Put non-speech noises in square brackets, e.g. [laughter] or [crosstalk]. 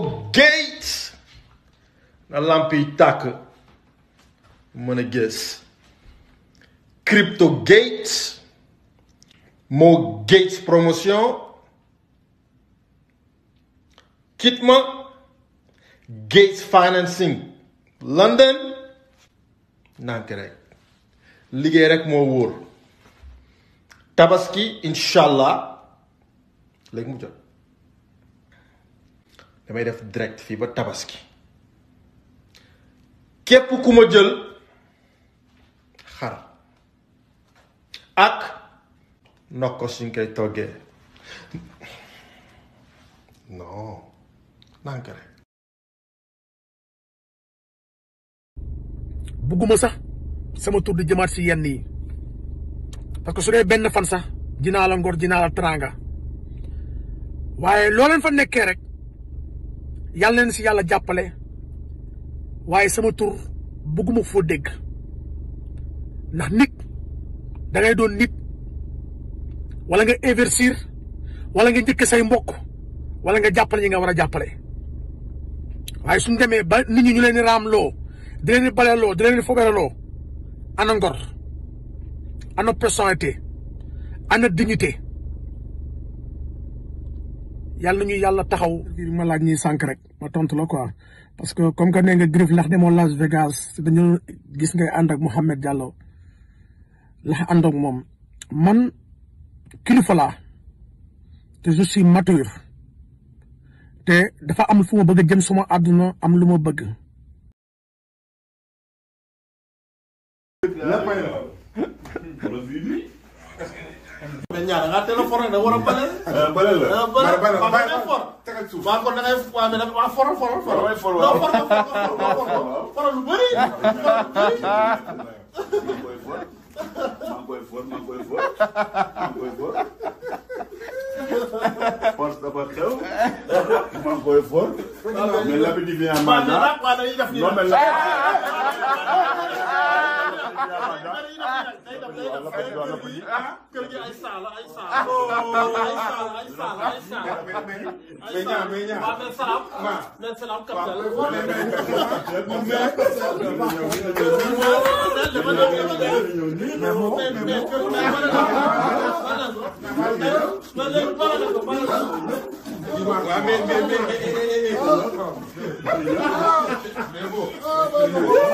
your tàkk mën a gis crypto gates moo gates london liggéey rekk moo wóor tabaski incha allah léegi mu jot damay def direct fii ba tabaski képp ku ma jël xar ak ndokko suñ koy toggee non bugguma sax sama tur di jëmaat si yenn yi parce que su dee benn fan sax dinaa la ngor dinaa la teraanga waaye loo leen fa nekkee rek yàlla leen si yàlla jàppale waaye sama tur bëgguma foo dégg ndax nit dangay doon nit walla nga investir walla nga njëkk say mbokk wala nga jàppale ñi nga war a jàppale waaye suñ demee ba ni ñi ñu leen di raam loo di leen di bale loo di leen di fogale loo ana ngor ana personnalité ana yàlla nañu yàlla taxaw. ma laaj ñuy sànq rek ma tontu la quoi parce que comme que nee nga Griff ndax demoon Las Vegas dañu gis ngay ànd ak Mouhamed Diallo ndax ànd moom man kilifa te je suis te dafa am fu ma bëgg a jëm suma àdduna am lu ma bëgg. mais ñaar nga téléphone da war a bële. [laughs] Euh, bële la bële bële waaw da ngay for. tegal suuf waaw kon da ngay waaw mais da nga foral foral foral. damay for waaw foral foral foral lu bëri. [laughs] maa ngi koy for maa ngi koy for maa ngi koy for maa ngi koy for. force dafa xew. maa ngi koy for. mais labi di fi naan maanaam. waaw mais dañuy def nii kër gi ay saala ay saala. ay saala ay saala ay saala. ay saala mais ñaar waaw mais salaam. waaw mais salaam capital. mais mais mais mais